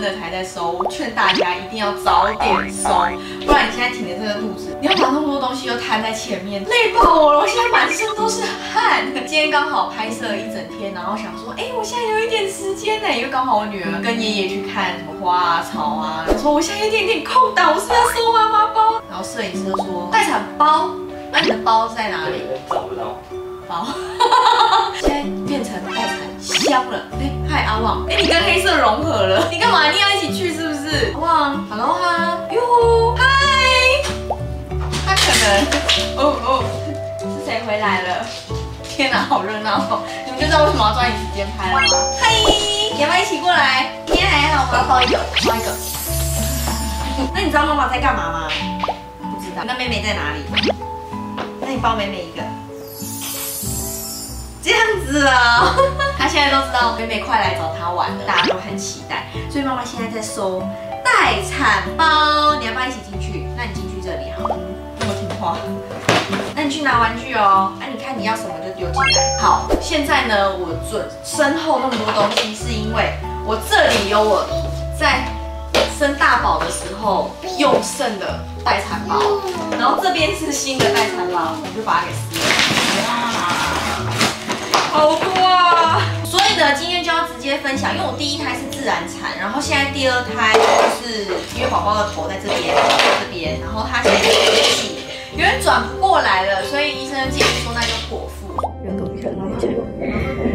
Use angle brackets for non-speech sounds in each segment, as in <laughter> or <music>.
真的還在收，勸大家一定要早點收，不然你現在挺着這個肚子，你要把那麼多東西又攤在前面，累爆我了！我現在滿身都是汗。今天剛好拍攝一整天，然後想說，哎、欸，我現在有一點時間呢，因為剛好我女兒跟爺爺去看什麼花草啊，說我現在有一點點空檔，我是不是要收媽媽包？然後攝影師說待產包，那你的包在哪裡？找不到包， <laughs> 現在變成待產。香了，哎、欸，嗨阿旺，哎、欸，你跟黑色融合了，你幹嘛？你要一起去是不是？阿旺，Hello 哈，喲，嗨 Hi，他可能，哦哦，是誰回來了？天哪、啊，好熱鬧、哦、你們就知道為什麼要抓緊時間拍了嗎？嘿 Hi，你要不要一起過來？今天還好我要抱一個，抱一個。 <laughs> <laughs> 那你知道媽媽在干嘛嗎？不知道。那妹妹在哪裡？那你抱妹妹一個。這樣子啊、哦。 <laughs> 他、啊、現在都知道我妹妹快來找他玩，大家都很期待。所以媽媽現在在收待產包，你要不要一起進去？那你進去這裡好。啊，那麼聽話。那你去拿玩具哦。哎、啊，你看你要什麼就丟進來。好，現在呢，我這身後那麼多東西，是因為我這裡有我在生大寶的時候用剩的待產包，然後這邊是新的待產包，我就把它給撕了。哇。好多啊！所以呢，今天就要直接分享，因為我第一胎是自然產，然後現在第二胎就是因為寶寶的頭在這邊，然後在在這邊，然後他現在有點有點轉不過來了，所以醫生就建議說那就剖腹，嗯嗯嗯嗯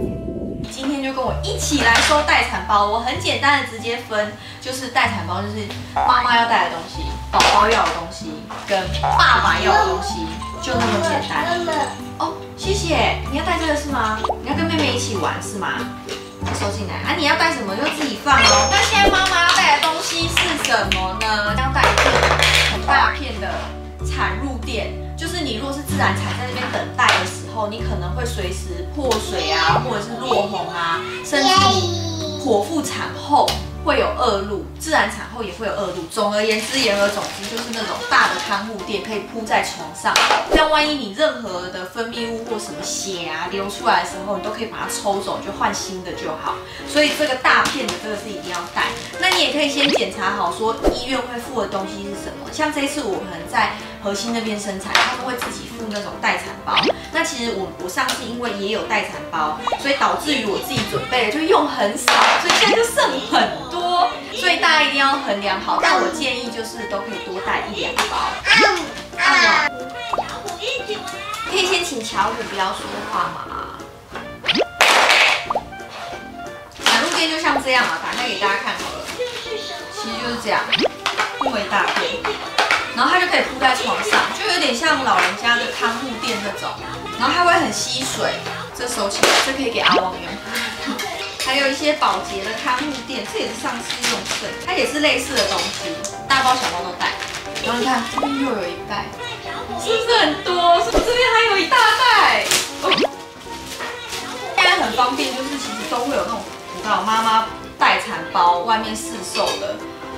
嗯。今天就跟我一起來收待產包，我很簡單的直接分，就是待產包就是媽媽要帶的東西。啊嗯寶寶要的東西跟爸爸要的東西、哦、就那麼簡單哦，吧哦。謝謝，你要帶這個是嗎？你要跟妹妹一起玩是嗎？收進來啊！你要帶什麼就自己放哦。那現在媽媽要帶的東西是什麼呢？要帶一個很大片的產褥墊，就是你若是自然產在那邊等待的時候，你可能會隨時破水啊，或者是落紅啊，甚至剖腹產後。會有惡露，自然產後也會有惡露。總而言之言而總之，就是那種大的看護墊可以鋪在床上，這樣萬一你任何的分泌物或什麼血啊流出來的時候，你都可以把它抽走，就換新的就好。所以這個大片的，這個是一定要帶。那你也可以先檢查好，說醫院會附的東西是什麼。像這一次我們在禾馨那邊生產，他們會自己附那種待產包。那其實我我上次因為也有待產包，所以導致於我自己準備的就用很少，所以現在就剩很。所以大家一定要衡量好，但我建議就是都可以多帶一兩包。看到沒可以先請巧五不要說話嘛。買、啊、路墊就像這樣啊、喔，打開給大家看好了。其實就是這樣，鋪一大片，然後它就可以鋪在床上，就有點像老人家的看護墊那種，然後它會很吸水，這收起來，這可以給阿旺用。還有一些保潔的看護墊，這也是上次用的，它也是類似的東西，大包小包都帶。然後你看，這邊又有一袋，是不是很多？是不是這邊還有一大袋哦。現在很方便，就是其實都會有那種不到媽媽待產包，外面市售的。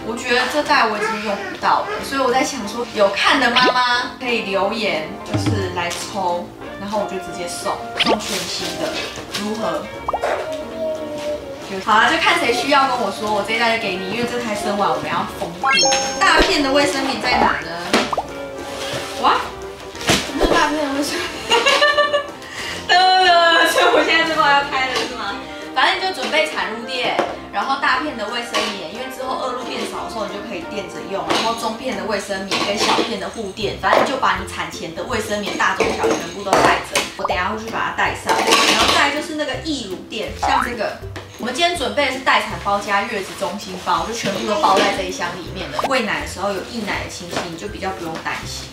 我覺得這袋我已經用不到了，所以我在想說，有看的媽媽可以留言，就是來抽，然後我就直接送，送全新的，如何？好了，就看誰需要跟我說，我這一袋就給你，因為這胎生完我們要封肚。大片的衛生棉在哪呢？哇？什麼大片衛、啊、生？哈哈哈哈，我現在這塊要開了是嗎？反正你就準備產褥墊，然後大片的衛生棉，因為之後惡露變少的時候你就可以墊着用，然後中片的衛生棉跟小片的護墊，反正你就把你產前的衛生棉大中小全部都帶着，我等一下會去把它帶上。然後再就是那個溢乳墊，像這個。我們今天準備的是待產包加月子中心包，就全部都包在這一箱裡面的。喂奶的時候有溢奶的情形，你就比較不用擔心。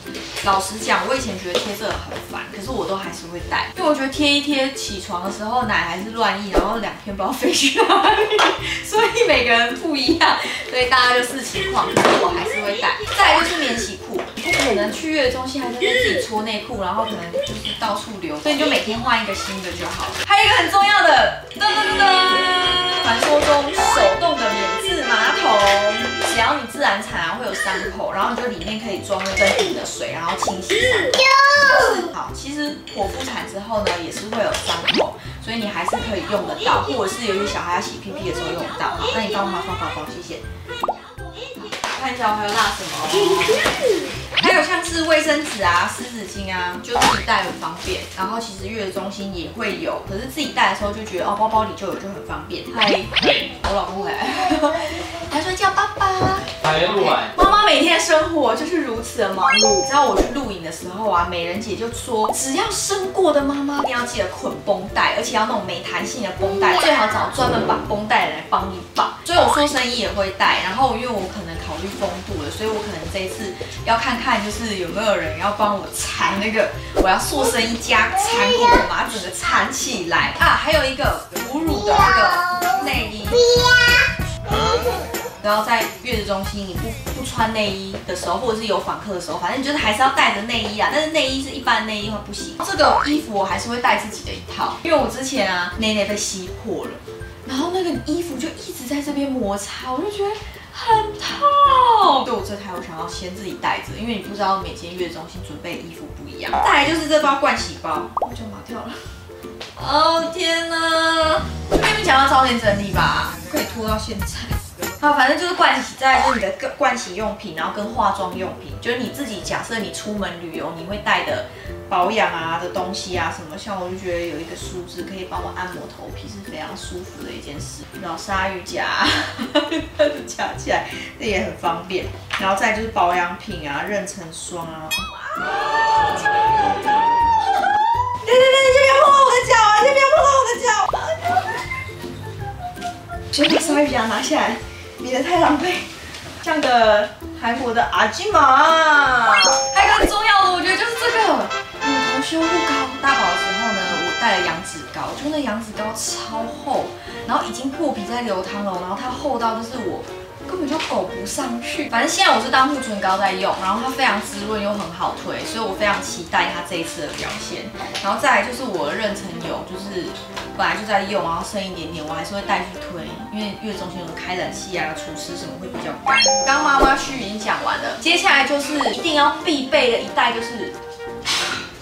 老實講，我以前覺得貼這個很煩，可是我都還是會帶，因為我覺得貼一貼，起床的時候奶還是亂溢，然後兩片不知道飛去哪、啊、裡。 <laughs> 所以每個人不一樣，所以大家就視情況。可是我還是會帶。再一個是免洗褲，不可能去月子中心還是自己搓內褲，然後可能就是到處流，所以你就每天換一個新的就好了。還有一個很重要的，噔噔噔。傳說中手動的免治馬桶，只要你自然產、啊、會有傷口，然後你就裡面可以裝一整瓶的水，然後清洗、嗯、好。其實剖腹產之後呢，也是會有傷口，所以你還是可以用得到，或者是有些小孩要洗屁屁的時候用得到。那你幫我媽放寶寶洗鞋，好好看一下我還要拿什麼、哦。還有像是衛生紙啊、濕紙巾啊，就自己帶很方便。然後其實月子中心也會有，可是自己帶的時候就覺得，哦，包包裡就有就很方便。嗨，我老公回來，還說叫爸爸。嗨，陸生活就是如此的忙碌。你知道我去露營的時候啊，美人姐就說，只要生過的媽媽一定要記得捆繃帶，而且要那種沒彈性的繃帶，最好找專門綁繃帶來幫你綁。所以我塑身衣也會帶。然後因為我可能考慮風度了，所以我可能這一次要看看，就是有沒有人要幫我纏那個，我要塑身衣加纏裹，把它整個纏起來啊。還有一個哺乳的那個內衣。要在月子中心，你不不穿內衣的時候，或者是有訪客的時候，反正就是還是要帶着內衣啊。但是內衣是一般內衣的不行，這個衣服我還是會帶自己的一套，因為我之前啊內內被吸破了，然後那個衣服就一直在這邊摩擦，我就覺得很痛。對，我這台我想要先自己帶着，因為你不知道每間月子中心準備衣服不一樣。再來就是這包盥洗包，我就麻掉了。哦天哪！你不想要照前整理吧，可以拖到現在。啊，反正就是盥洗，再就是你的個盥洗用品，然後跟化妝用品，就是你自己假設你出門旅遊，你會帶的保養啊的東西啊什麼。像我就覺得有一個梳子可以幫我按摩頭皮是非常舒服的一件事。然後鯊魚夾，夾起來，這也很方便。然後再就是保養品啊，妊娠霜啊，啊，啊，啊，啊，啊，啊。對對對，先不要碰到我的腳啊！先不要碰到我的腳！先把鯊魚夾拿下來。別太狼狽， <laughs> 像個韓國的阿金嘛。還有很重要的，我覺得就是這個乳頭修護膏。大寶的時候呢，我帶了羊脂膏，就那羊脂膏超厚，然後已經破皮在流湯了，然後它厚到就是我。根本就夠不上去，反正現在我是當護唇膏在用，然後它非常滋潤又很好推，所以我非常期待它這一次的表現。然後再來就是我的妊娠油，就是本來就在用，然後剩一點點，我還是會帶去推，因為月中心有的開展器啊，廚師什麼會比較乾。剛剛媽媽須已經講完了，接下來就是一定要必備的一袋就是。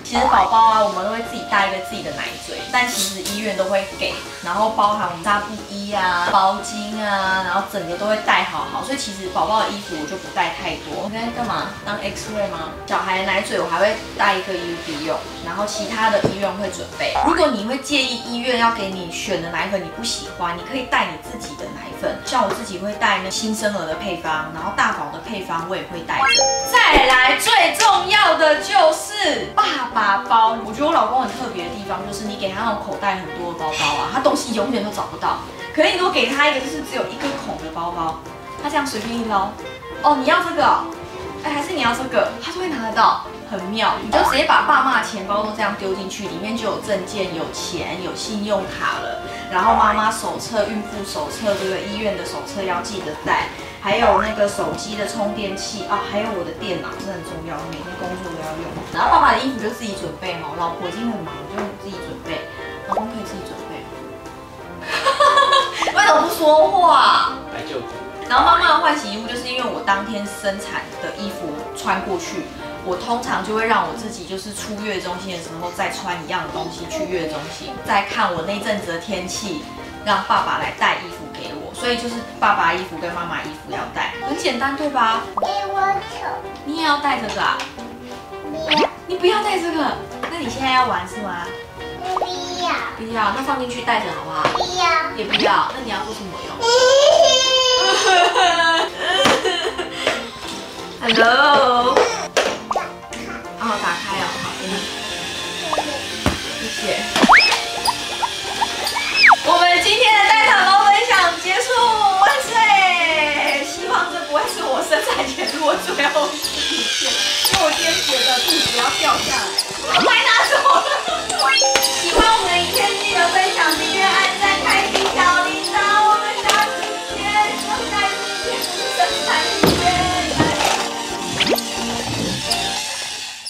其實寶寶啊，我們都會自己帶一個自己的奶嘴，但其實醫院都會給，然後包含我們紗布衣啊、包巾啊，然後整個都會帶好好。所以其實寶寶的衣服我就不帶太多。你在幹嘛？當 X-ray 嗎？小孩奶嘴我還會帶一個衣服用，然後其他的醫院會準備。如果你會介意醫院要給你選的奶粉你不喜歡，你可以帶你自己的奶粉。像我自己會帶那新生兒的配方，然後大寶的配方我也會帶。再來最重要的就是爸爸包。我覺得我老公很特別的地方就是，你給他那種口袋很多的包包啊，他東西永遠都找不到。可以多給他一個就是只有一個孔的包包，他這樣隨便一撈，哦，你要這個、哦？哎、欸，還是你要這個？他就會拿得到。很妙，你就直接把爸媽的錢包都這樣丟進去，裡面就有證件、有錢、有信用卡了。然後媽媽手冊、孕婦手冊，這個醫院的手冊要記得帶，還有那個手機的充電器啊，還有我的電腦，是很重要，每天工作都要用。然後爸爸的衣服就自己準備哦，老婆已經很忙，就自己準備，老公可以自己準備。為什麼不說話？救然後媽媽的換洗衣物，就是因為我當天生產的衣服穿過去。我通常就會讓我自己就是出月中心的時候再穿一樣東西去月中心，再看我那陣子的天氣，讓爸爸來帶衣服給我。所以就是爸爸衣服跟媽媽衣服要帶，很簡單對吧？給我，你也要帶這個啊？你不要帶這個。那你現在要玩是嗎？不要。不要，那放進去帶着好不好？不要。也不要。那你要做什麼用？Hello。我主要是，因為我先覺得肚子要掉下來。